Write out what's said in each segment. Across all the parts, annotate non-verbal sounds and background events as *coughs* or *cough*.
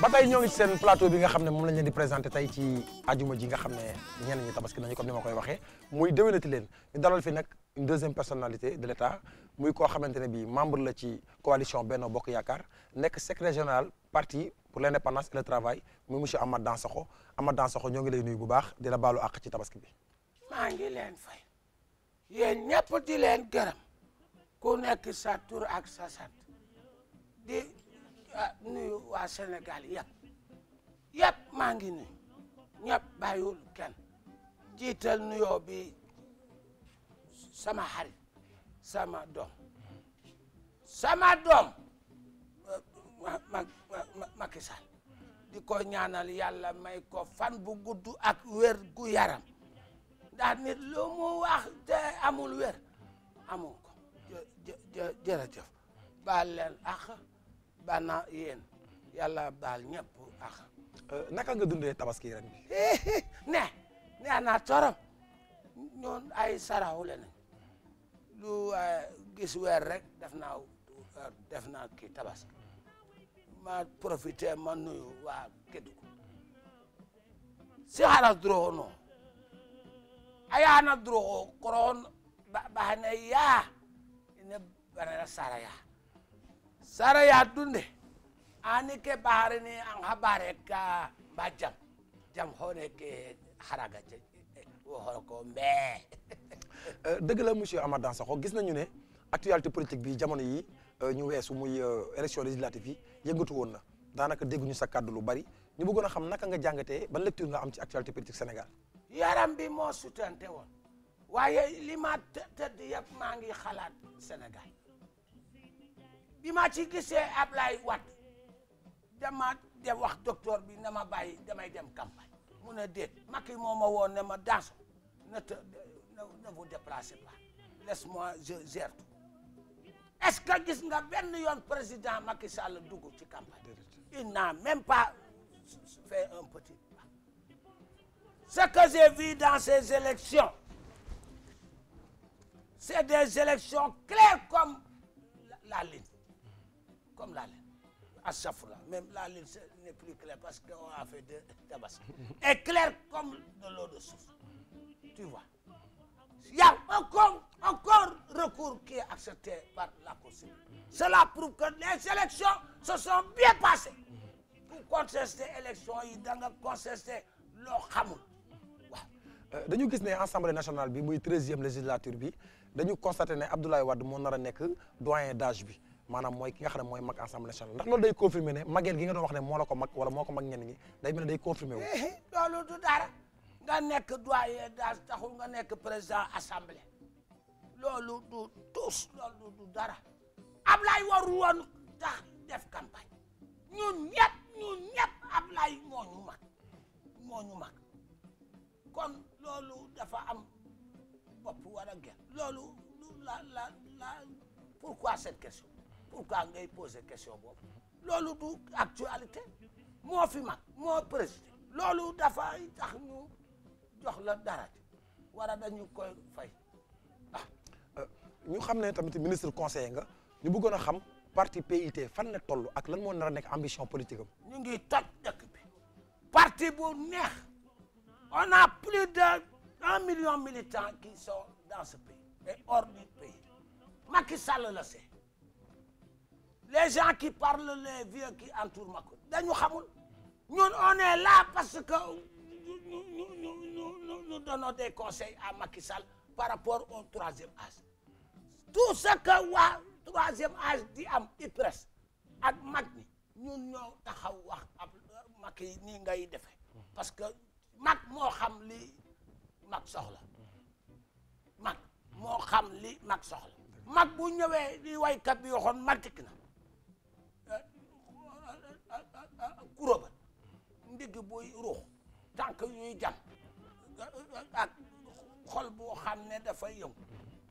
ba tey ñoo ngi seen plateau bi nga xam ne moom lañ leen di tey ci ajuma ji nga xam ne ñenn ñi tabaski nañu ko ni ma koy waxee muy déwénati leen ñu dalal fi nag une deuxième personnalité de l'État muy koo xamante ne bi membre la ci coalition benn Bokk Yaakaar nekk secrétaire général parti pour l'indépendance et le travail muy monsieur Amath Dansokho Amath Dansokho ñoo ngi lay nuyu bu baax di la baalu àq ci tabaski bi maa ngi leen fay yéen ñëpp di leen gërëm ku nekk sa tur ak sa sant ah nuyu waa Sénégal yëpp yëpp maa ngi nuyu ñëpp bàyyiwul kenn jiital nuyoo bi sama xarit sama doom sama doom Macky Sall di ko ñaanal yàlla may ko fan bu gudd ak wér gu yaram ndax nit lu amul wér amul ko jërëjëf baal leen ak baal naa yéen yàlla baal ñëpp ak euh, naka nga dundee tabaski ren bi eh, eh, ne nee naa torop ñoon ay saraxu le nañ lu euh, gis weer rek def naa def naa kii tabaski ma profité ma nuyu waa Kédougou si xara duroxo no a yaana duroxo koroxon baxane yaa ine banena sara yaa sara ya dunde ani ke ɓarini an habare ka mba jam jam hone ke haraga je woxoro ko mbee *laughs* eh, dëgg la monsieur Amath Dansokho gis nañu ne actualité politique bi jamono yi eh, ñu weesu muy eh, élection législative yi yëngatu woon na daanaka dégguñu sa kàddu lu bari ñu bëggoon a xam naka nga jàngatee ba lecture nga am ci actualité politique Sénégal yaram bi moo sutante woon waaye li tëdd yëpp maa ngi xalaat Sénégal bi ma ci gisee Ablaye Wade dama de wax docteur bi na ma bàyyi damay dem campagne mu ne déet Macky moo ma woon ne ma dans ne te ne vous déplacez pas laisse-moi je gère tout que gis nga benn yoon président Macky Sall dugg ci campagne il n'a même pas fait un petit pas ce que j'ai vu dans ces élections c'est des claires comme la ligne comme la laine. Asafula, même la lune n'est plus claire parce que a fait de tabac. Est claire comme de l'eau de soufre. Tu vois. Il y recours qui est par la Constitution. Cela prouve que les élections se sont bien passées. Pour contester élection yi da nga contester loo xamul waaw. Euh, dañu gis ne assemblée nationale bi muy treizième législature bi dañu constaté ne Abdoulaye Wade moo nar a nekk doyen d'âge bi. maanaam mooy ki nga xam ne mooy mag assemblée nationale ndax loolu day confirmer ne mageel gi nga doon wax ne moo ko mag wala moo ko mag ñenn ñi day mel day confirmer wu eh, eh, loolu du dara nga nekk doyen daal taxul nga nekk président assemblée loolu du tous loolu du dara Ablaye waru woon tax def campagne ñun ñëpp ñun ñëpp Ablaye moo ñu mag moo ñu mag kon loolu dafa am bopp war a gën loolu la la la pourquoi cette question pourquoi ngay poser question boobu loolu du actualité moo fi mag moo président loolu dafay tax ñu jox la dara wala dañu koy fay ah. Euh, ñu xam ne tamit ministre conseiller nga ñu buggoon a xam parti PIT fan la toll ak lan moo nar a nekk ambition politique ñu ngi toj dëkk bi parti bu neex on plus de un million militants qui sont dans ce pays et hors du pays Macky les gens qui parlent les vieux qui entourent Macron dañu xamul ñun on est parce que ñu ñu ñu ñu donnons des conseils à Macky Sall par rapport au troisième âge tout ce que waa troisième âge di am IPRES ak mag ñi ñun ñoo taxaw wax ab mag yi nii ngay defee parce que mag moo xam li mag soxla mag moo xam li mag soxla mag bu ñëwee li waykat bi waxoon matik na kurobat ndigg buy ruux tànk yuy jam ak xol boo xam ne dafa yëngu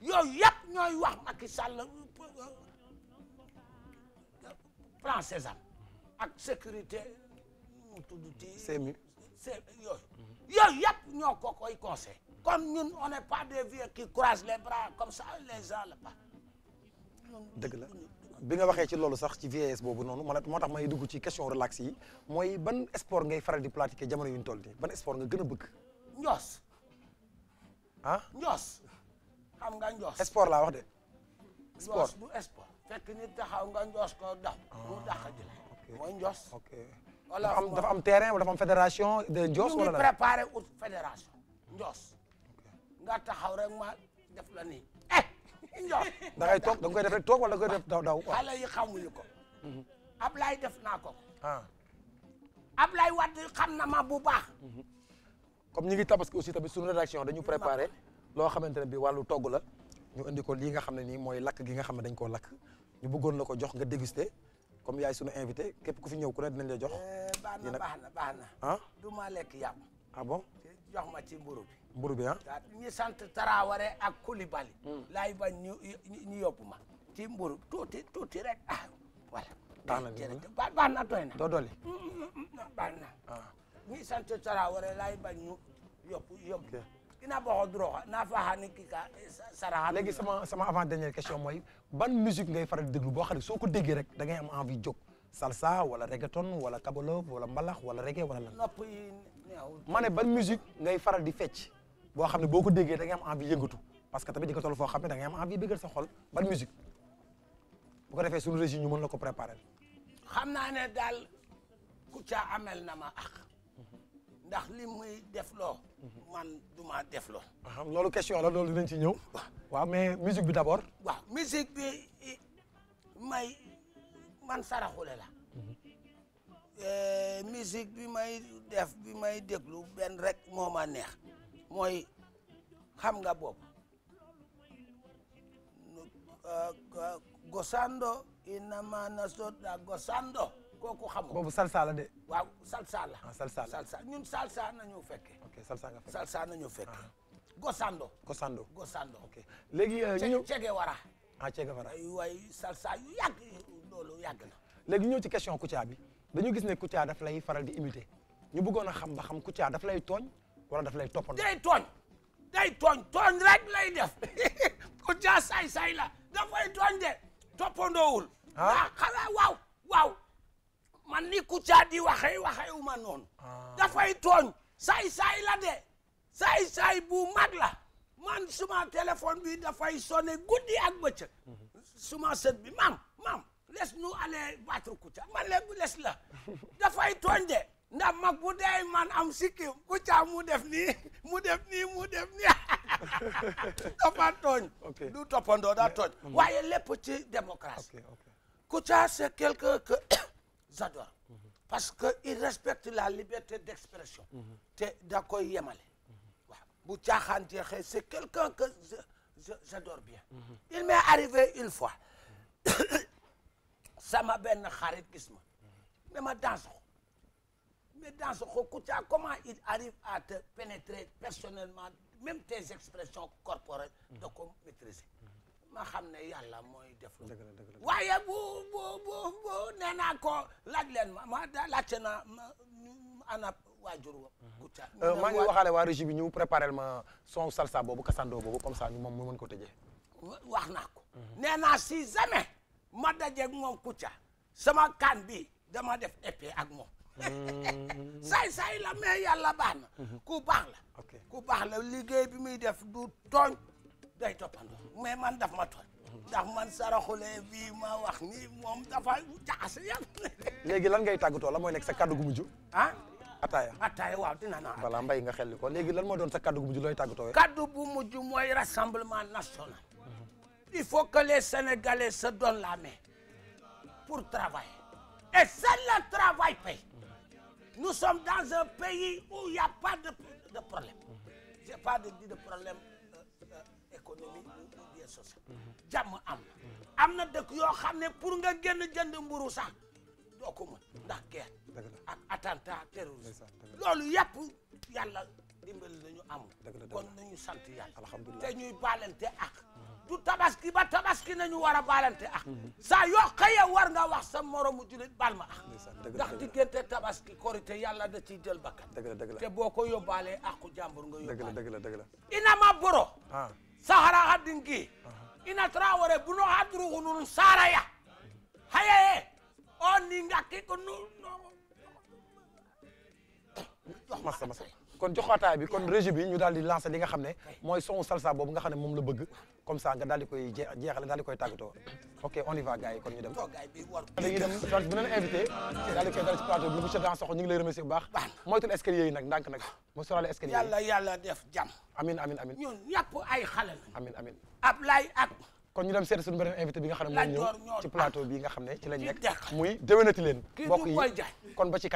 yooyu yëpp ñooy wax Macky Sall plan Sésame ak sécurité mu tudd ñoo ko koy conseil kon ñun on n'est pas des vieux qui croisent les bras comme ça les gens là-bas dëgg la bi nga waxee ci loolu sax ci VAS boobu noonu man moo tax may dugg ci question relax yi mooy ban sport ngay faral di pratiquer jamono yu ñu toll nii ban sport nga gën a bëgg. njoos. ah njoos. nga njoos. sport laa wax de. sport njoos du sport. fekk nit taxaw nga njoos ah, wala am dafa am terrain wala dafa am fédération de njoos. wala ñu ngi préparé njoos. nga taxaw rek ma def la nii. da ngay toog da koy def rek toog wala da nga def daw daw. xale yi xamuñu ko. Mhm. Ablaye def naa ko. ah. Ablaye Wade xam na ma bu baax. Mhm. comme ñu ngi tabaski aussi tamit suñu rédaction dañu préparé loo xamante ne bi wàllu togg la ñu indi ko lii nga xam ne nii mooy lakk gi nga xam ne dañ koo lakk ñu buggoon la ko jox nga dégusté comme yaay suñu invité képp ku fi ñëw ku ne dinañ la jox. Eh, baax na baax na baax na. ah du ma lekk yàpp. ah bon jox ma ci mburu bi. mburu bi ah. ñi sant Taraware ak Koulibaly. Hmm. laay bañ ñu ñu yóbbu ma. ci mburu tuuti tuuti rek ah voilà. baax na jërëjëf baax na doy na. doo dolli. Hmm, hmm, baax na. Ah. ñi sant Taraware laay bañ ñu yóbbu yóbbu. ina bokk doro naa fa xaani kii ka saraxa. léegi sama sama avant dernière question mooy ban musique ngay faral di déglu boo xam ne soo ko déggee rek da ngay am envie jóg. salsa wala reggaeton wala kabalo wala mbalax wala reggae wala lan. nopp yi neexul. ma ne ban musique ngay faral di fecc. boo xam ne boo ko déggee da ngay am envie yëngatu parce que tamit di nga tol foo xam ne da ngay am envie bëggal sa xol ban musique bu ko defee suñu régie ñu mën la ko préparer. xam naa ne daal ku Kouthia amel na ma ak ndax lim muy def loo man du ma def loo loolu question la loolu dinañ ci ñëw. waaw mais musique bi d' abord. waaw musique bi may man saraxule la. Mhm. Eh, musique bi may def bi may déglu benn rek moo ma neex. mooy xam nga bopp gosando inama nasoda gosando kooku xamoo boobu salsa la de waaw salsa la ah, salsa salsa ñun salsa nañu fekke ok salsa nga fekke salsa nañu fekke ah. gosando gosando gosando ok léegi euh, ñu ñëw cege wara ah cege wara ay waay salsa yu yàgg loolu yàgg na léegi ñëw ci question Kouthia bi dañu gis ne Kouthia daf lay faral di imiter ñu bëggoon a xam ba xam Kouthia daf lay tooñ wala daf lay toppandoo. day tooñ day tooñ tooñ rek lay def *laughs* ku jaa say say la dafay tooñ de toppandoowul. ah, ah xala ma noonu. Ah. dafay tooñ say say la de say bu mag la man suma téléphone bi dafay sonné guddi ak bëccëg. suma sët bi maam maam laisse nous aller battre Kouthia man léegi laisse la *laughs* dafay tooñ de. ndax mag bu dee man am sikki ku caa mu def nii mu def nii mu def *laughs* du toppandoo daa tooñ mm. waaye lépp ci démocratie ku caa c'est quelqu'un que *coughs* j'adore mm-hmm. parce que il respecte la liberté d'expression mm-hmm. te da yemale mm-hmm. waaw bu caaxaan jeexee c'est quelqu'un que j'adore bien il m'est arrivé une fois *coughs* sama benn xarit gis ma danse ko mais dans ce cas Kouthia comment il arrive à te pénétrer personnellement même tes expressions corporelles. Mm-hmm. da ko maîtriser. ma xam ne yàlla mooy def. dëgg la dëgg waaye bu bu bu bu naa ko laaj leen ma ma laajte naa ma ana waajur wa. Mm-hmm. Kouthia euh, maa ngi waxaale waa régie bi ñu préparé ma son salsa boobu kasandoo boobu comme ça ñu moom mu mën ko tëjee. wax naa ko. Mm-hmm. nee naa si jamais ma dajeeg moom Kouthia sama kan bi dama def épée ak moom. Mm-hmm. saay saay la mais yàlla baax mm-hmm. ku baax la liggéey bi muy def du tooñ day toppandoo mais man daf ma tooñ mm-hmm. ndax man saraxulee bii ma wax ni moom dafa jaxase yàlla léegi lan ngay tàggatoo la mooy nekk sa kaddu gu mujj ah ataaya ataaya waaw dina naa voilà mbay nga xel ko léegi lan moo doon sa kàddu gu mujj looy tàggatoo kàddu bu mujj mooy rassemblement national il faut que les sénégalais sa donnent la main pour travailler et seul le travail paye nous sommes dans un pays où il a pas de, de problème. Mhm. je n'ai pas de, de problème euh, euh, économique ou social. Mhm. jàmm am na. Mhm. am na dëkk yoo xam ne pour nga génn jënd mburu sax doo ko mën ndax guerre. ak attentat terroriste. loolu yëpp yàlla dimbali nañu amul. kon nañu sant yàlla. alhamdulilah te ñuy baalante ak. du tabaski ba tabaski nañu war a baalante ak saa yoo xëye war nga wax sa moromu julit baal ma ak ndax diggante tabaski korite yàlla da ciy jël bakkan te boo ko yóbbaalee aku jàmbur nga yóbbaale ina ma boro sahara haddin gi ina traawore bunu hadruhu nun saaraya hayaye o ni ngakki ko nu masa kon joxaataay bi kon régie bi ñu daal di lancer li nga xam ne mooy son salsa boobu nga xam ne moom la bëgg kon ñu dem dañuy dem donc beneen invité bi nga xam ne muy déwénati leen bokk kon ba ci